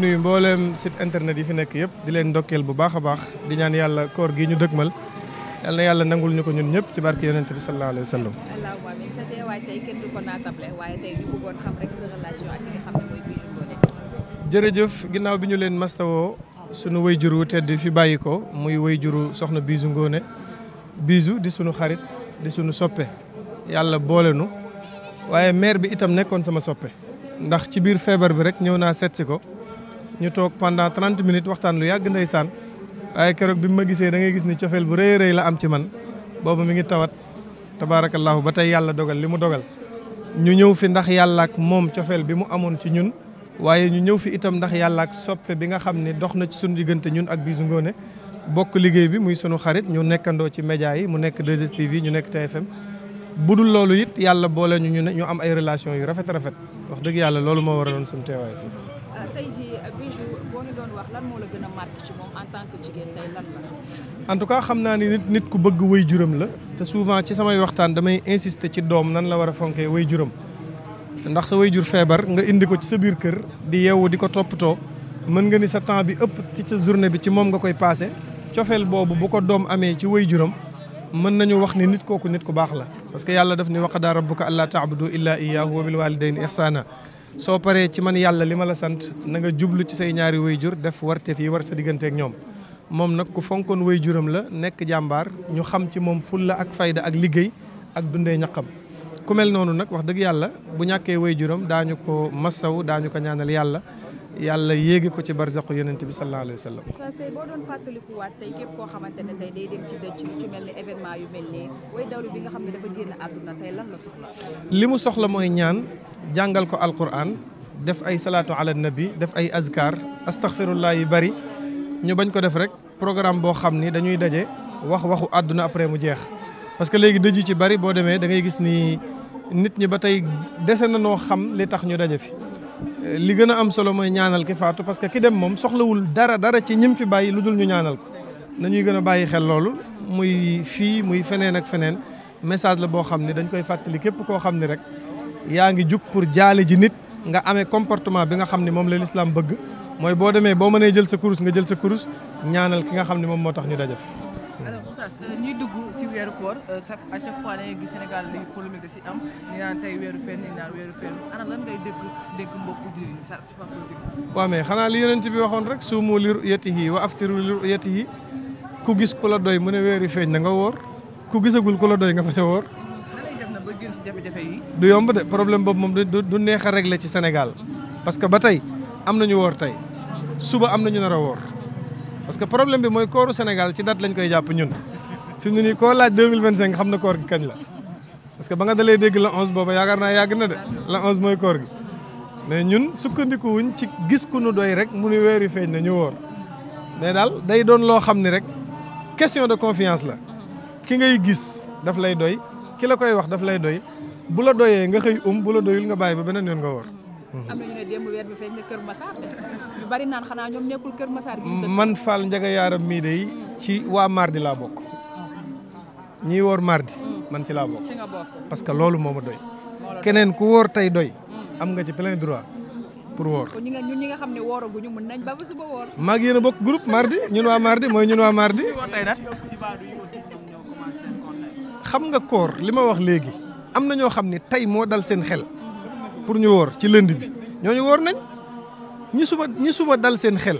nuyu mbooleem internet yi fi nekk yëpp di leen ndokkeel bu baax a baax di ñaan yàlla koor gi ñu dëgmal yal na yàlla nangul ko ñun ñëpp ci barke yonent bi sallallahu alayhi wa sallam. jërëjëf ginnaaw bi ñu leen mastawoo sunu wayjur wu tedd fi bàyyi ko muy wayjuru soxna Bijou Ngoné Bijou di sunu xarit di sunu soppe yàlla boole nu waaye maire bi itam nekkoon sama soppe ndax ci biir feebar bi rek ñëw naa seet si ko. ñu toog pendant trent minutes waxtaan lu yàgg ndeysaan ay keroog bi mu ma gisee da ngay gis ni cofeel bu rëy rëy la am ci man boobu mi ngi tawat tabaarakallaahu ba tey yàlla dogal li mu dogal ñu ñëw fi ndax yàllaak moom cofeel bi mu amoon ci ñun waaye ñu ñëw fi itam ndax yàllaak soppe bi nga xam ne dox na ci suñu diggante ñun ak bisu ngoone bokk liggéey bi muy sunu xarit ñu nekkandoo ci média yi mu nekk 2STV ñu nekk TFM bu dul loolu it yàlla boole ñu ñu am ay relation yu rafet rafet wax dëgg yàlla loolu moo waraloon suñu teewaay doon en tout cas xam naa ni nit ku bëgg way juram la te souvent ci samay waxtaan damay insister ci doom nan la war a fonkee way juram ndax sa way jur feebar nga indi ko ci sa biir kër di yeewu di ko toppatoo mën nga ni sa temps bi ëpp ci sa journée bi ci moom nga koy passé cofeel boobu bu ko doom amee ci way juram mën nañu wax ni nit kooku nit ku baax la parce que yàlla def ni waqadaa rabbuka allaa taabudu illaa iyyaahu wa bil waalidayni soo paree ci man yàlla li ma la sant na nga jublu ci say ñaari wayjur def warte fii war sa diggante ak ñoom moom nag ku fonkoon wayjuram la nekk jàmbaar ñu xam ci moom fulla ak fayda ak liggéey ak dundee ñaqam ku noonu nag wax dëgg yàlla bu ñàkkee wayjuram daañu ko massaw daañu ko ñaanal yàlla yàlla yéegi ko ci barzaqu yonent bi sallallahu bi nga xam li mu soxla mooy ñaan jàngal ko Alquran def ay salaatu ala nabi def ay azkar astaghfirullah yu bari ñu bañ ko def rek programme boo xam ni dañuy daje wax waxu àdduna après mu jeex parce que léegi dëj yu ci bari boo demee da ngay gis ni nit ñi ba tey dese na noo xam li tax ñu daje fi. li gën a am solo mooy ñaanal ki faatu parce que ki dem moom soxlawul dara dara ci ñim fi bàyyi lu dul ñu ñaanal ko nañuy gën a bàyyi xel loolu muy fii muy feneen ak feneen message la boo xam ne dañ koy fàttali képp koo xam ne rek yaa ngi jug pour jaale ji nit nga amee comportement bi nga xam ni moom la lislaam bëgg mooy boo demee boo mënee jël sa kurus nga jël sa kurus ñaanal ki nga xam ne moom moo tax ñu daje fi alors Oustaz euh, ñuy dugg si weeru koor euh, li polémique da si am ñu naan mais xanaa li yonent bi waxoon rek suumu li ru'yatihi wa aftiru li ru'yatihi ku gis ku la doy mu ne weeri feeñ na nga woor ku gisagul ku la doy nga bañ a woor du yomb de problème boobu moom du neex a régler ci Sénégal parce que ba tey am na ñu woor tey suba am na ñu a woor parce que problème bi mooy kooru Sénégal ci date lañ koy jàpp ñun fi mu ne nii koo laaj deux mille vingt cinq xam na koor gi kañ la. parce que ba nga dalee dégg la onze booba yaakaar naa yàgg na de la onze mooy koor gi mais ñun sukkandiku ci gis ku nu doy rek mu ni weer yu feeñ na ñu wóor mais daal day doon loo xam ni rek question de confiance la ki ngay gis daf lay doy ki la koy wax daf lay doy bu la doyee nga xëy um bu la doyul nga bàyyi ba beneen yoon nga wóor. am Kër Massar bari naan xanaa ñoom nekkul Kër Massar man faal Njaga Yaaram mii day ci waa mardi laa bokk ñiy woor mardi man ci laa bokk parce que loolu moo ma doy keneen ku woor tey doy mm. am nga ci plein droit pour woor ñi nga xam ne wooraguñu mën nañ ba suba woor maa ngi yéen a bokk groupe mardi ñun waa mardi mooy ñun waa mardi xam nga koor li ma wax léegi am na ñoo xam ne tey moo dal seen xel pour ñu woor ci lënd bi ñooñu woor nañ ñi suba ñi suba dal seen xel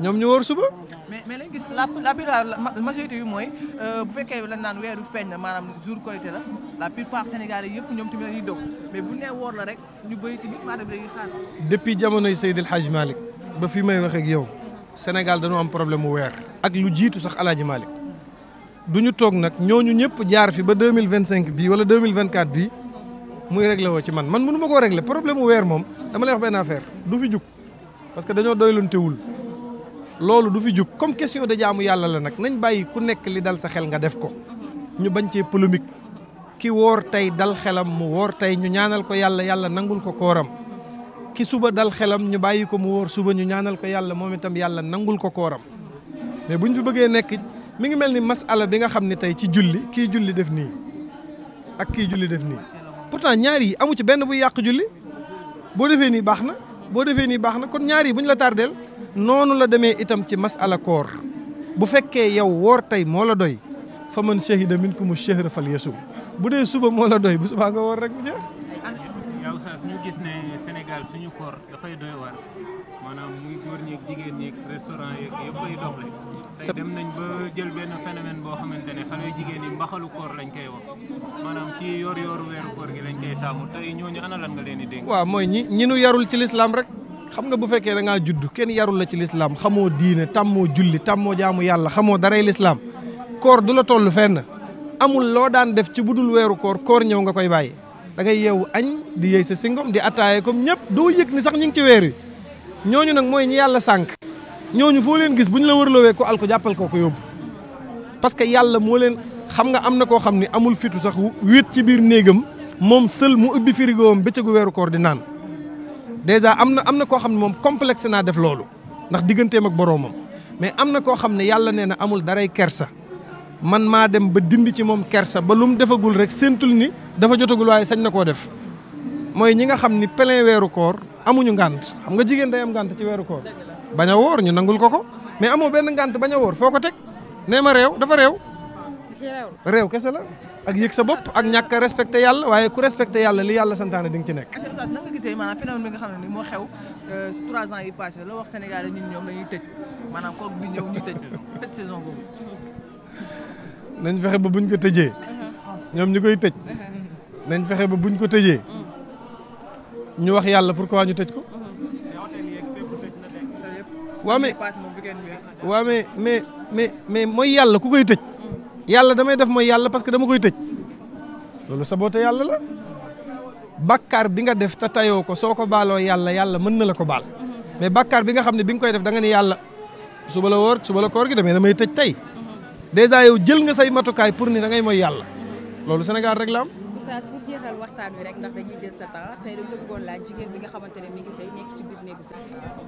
ñoom ñu woor suba. mais mais lañ gis la la plupart la bi mooy euh, bu fekkee lañ naan weeru feeñ la maanaam jour Korité la la plupart sénégalais yëpp ñoom tamit dañuy dog mais bu ñu nee woor la rek ñu bëri tamit maanaam dañuy xaar. depuis jamonoy Seydil Hadj Malick ba fi may wax ak yow Sénégal dañoo am problème mu weer. ak lu jiitu sax El Hadj Malick du ñu toog nag ñooñu ñëpp jaar fi ba deux mille vingt cinq bii wala deux mille muy réglé woo ci man man mënu ma koo réglé problème mu weer moom dama lay benn affaire du fi jug parce que dañoo wul loolu du fi jug comme question de jaamu yàlla la nag nañ bàyyi ku nekk li dal sa xel nga def ko ñu bañ cee polémique ki woor tey dal xelam mu woor tey ñu ñaanal ko yàlla yàlla nangul ko kooram ki suba dal xelam ñu bàyyi ko mu woor suba ñu ñaanal ko yàlla moom itam yàlla nangul ko kooram mais bu ñu fi bëggee nekk mi ngi mel ni masala bi nga xam ne tey ci julli kii julli def nii ak kii julli def nii pourtant ñaar yi amu ci benn buy yàq julli boo defee nii baax na boo defee nii baax na kon ñaar yi bu ñu la tardeel noonu la demee itam ci masala koor bu fekkee yow woor tey moo la doy fa mën man shahida minkum ash-shahra falyasum bu dee suba moo la doy bu subaa nga woor rek mu jeex oustaz gis ne Sénégal suñu koor dafay doy waar maanaam muy góor ñeeg jigéen ñeeg restaurant yeeg yëpp ay doxle tey dem nañ ba jël benn phénomène boo xamante ne xale mbaxalu koor lañ koy wax maanaam ci yor yor weeru koor gi lañ koy taamu tey ñooñu ana lan nga leen waaw mooy ñi ñi nu yarul ci lislaam rek xam nga bu fekkee dangaa juddu kenn yarul la ci lislaam xamoo diine tàmmoo julli tàmmoo jaamu yàlla xamoo daray lislaam koor du la toll fenn loo daan def ci budul weeru koor koor nga koy bàyyi da ngay yeewu añ di yëy sa singom di attaaye comme ñëpp doo yëg ni sax ñu ngi ci weer ñooñu nag mooy ñi yàlla sànq ñooñu foo leen gis bu ñu la wërlowee ko al ko jàppal ko ko yóbbu parce que yàlla moo leen xam nga am na koo xam ne amul fitu sax wéet ci biir néegam moom sël mu ubbi firigoom bëccëgu weeru koor di naan dèjà am na am na koo xam ne moom complexe naa def loolu ndax digganteem ak boroomam mais am na koo xam ne yàlla nee na amul daray kersa man maa dem ba dindi ci moom kersa ba lu mu defagul rek séentul ni dafa jotagul waaye sañ na koo def mooy ñi nga xam ni plein weeru koor amuñu ngant xam nga jigéen day am ngànt ci weeru koor bañ a woor ñu nangul ko ko mais amoo benn ngànt bañ a woor foo ko teg nee ma réew dafa réew réew kese la ak yëg sa bopp ak ñàkk a respecté yàlla waaye ku respecté yàlla li yàlla santaane di nga ci nekk. na nga gisee maanaam phénomène bi nga moo xew euh, trois ans la wax Sénégal yi ñun ñoom la ñuy tëj maanaam koor bi ñëw ñuy tëj tëj saison boobu. nañ fexe ba buñ ko tëjee uh-huh. ñoom ñu koy tëj uh-huh. nañ fexe ba buñ ko tëjee uh-huh. ñu wax yàlla pourquoi ñu tëj ko waa mais waa mais mais mais mais mooy yàlla ku koy tëj yàlla damay def mooy yàlla parce que dama koy tëj loolu saboote yàlla la bakkaar bi nga def ta tayoo ko soo ko baaloo yàlla yàlla mën na la ko baal mais bàkkaar bi nga xam ne bi nga koy def da nga ne yàlla suba la wóor suba la koor gi demee damay tëj tey dèjà yow jël nga say matukaay pour ni dangay mooy yàlla loolu Sénégal rek la bu oustaz pour jeexal waxtaan wi rek ndax dañuy jël sa temps tey dañu la bëggoon laaj jigéen bi nga xamante ne mi ngi say nekk ci biir néegu sax. Ah,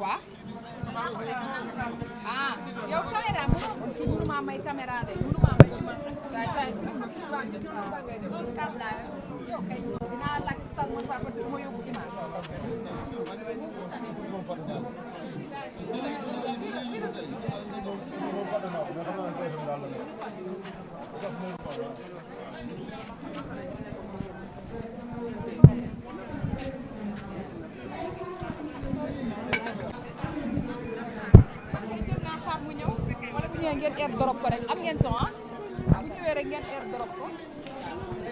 waaw. stade mooy faa côté air drop ko rek am ngeen son ah bu air drop ko